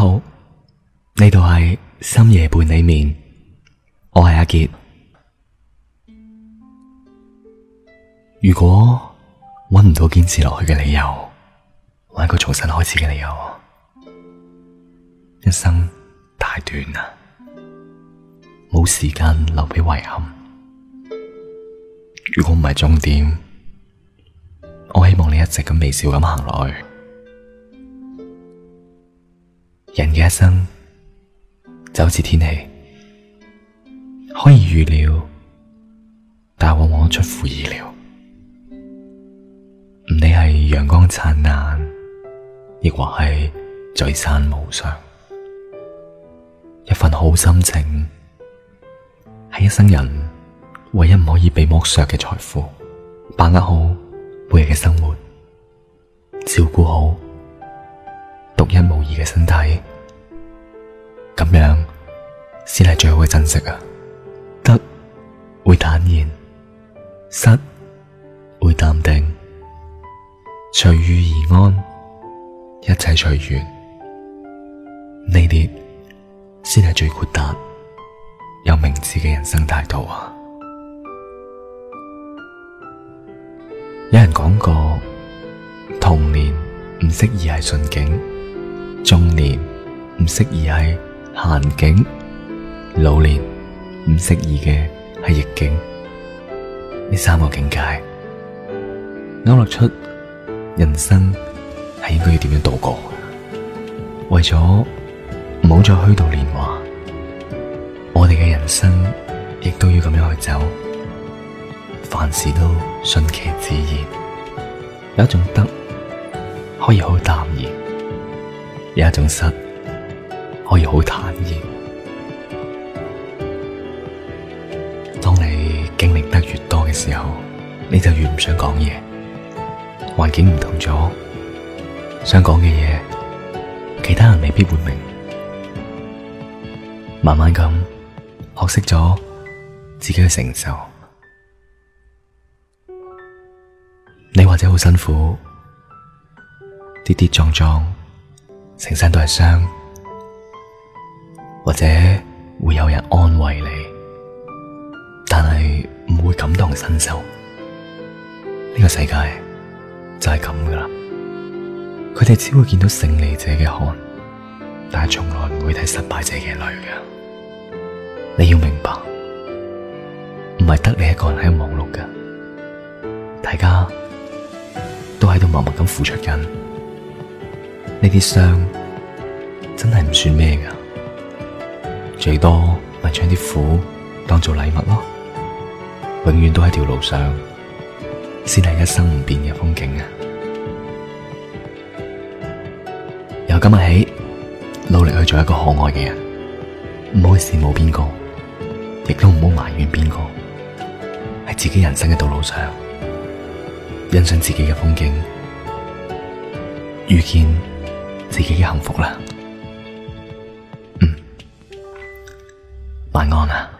好，呢度係深夜伴你眠，我係阿杰。如果揾唔到堅持落去嘅理由，揾個重新開始嘅理由，一生太短啦，冇時間留俾遺憾。如果唔係終點，我希望你一直咁微笑咁行落去。人嘅一生就好似天氣，可以預料，但往往出乎意料。唔理係陽光燦爛，亦或係聚散無常，一份好心情係一生人唯一唔可以被剝削嘅財富。把握好每日嘅生活，照顧好獨一無二嘅身體。樣先係最好嘅珍惜啊！得會坦然，失會淡定，隨遇而安，一切隨緣。呢啲先係最豁達有明智嘅人生態度啊！有人講過，童年唔適宜係順境，中年唔適宜係。閒境、老年唔適宜嘅係逆境，呢三個境界勾勒出人生係應該要點樣度過。為咗唔好再虛度年華，我哋嘅人生亦都要咁樣去走，凡事都順其自然。有一種得可以好淡然，有一種失。可以好坦然。當你經歷得越多嘅時候，你就越唔想講嘢。環境唔同咗，想講嘅嘢，其他人未必會明。慢慢咁學識咗自己嘅承受，你或者好辛苦，跌跌撞撞，成身都係傷。或者會有人安慰你，但係唔會感同身受。呢個世界就係咁噶啦，佢哋只會見到勝利者嘅汗，但係從來唔會睇失敗者嘅淚嘅。你要明白，唔係得你一個人喺度忙碌噶，大家都喺度默默咁付出緊，呢啲傷真係唔算咩噶。最多咪將啲苦當做禮物咯，永遠都喺條路上先係一生唔變嘅風景啊！由今日起，努力去做一個可愛嘅人，唔好羨慕邊個，亦都唔好埋怨邊個，喺自己人生嘅道路上欣賞自己嘅風景，遇見自己嘅幸福啦！晚安啊！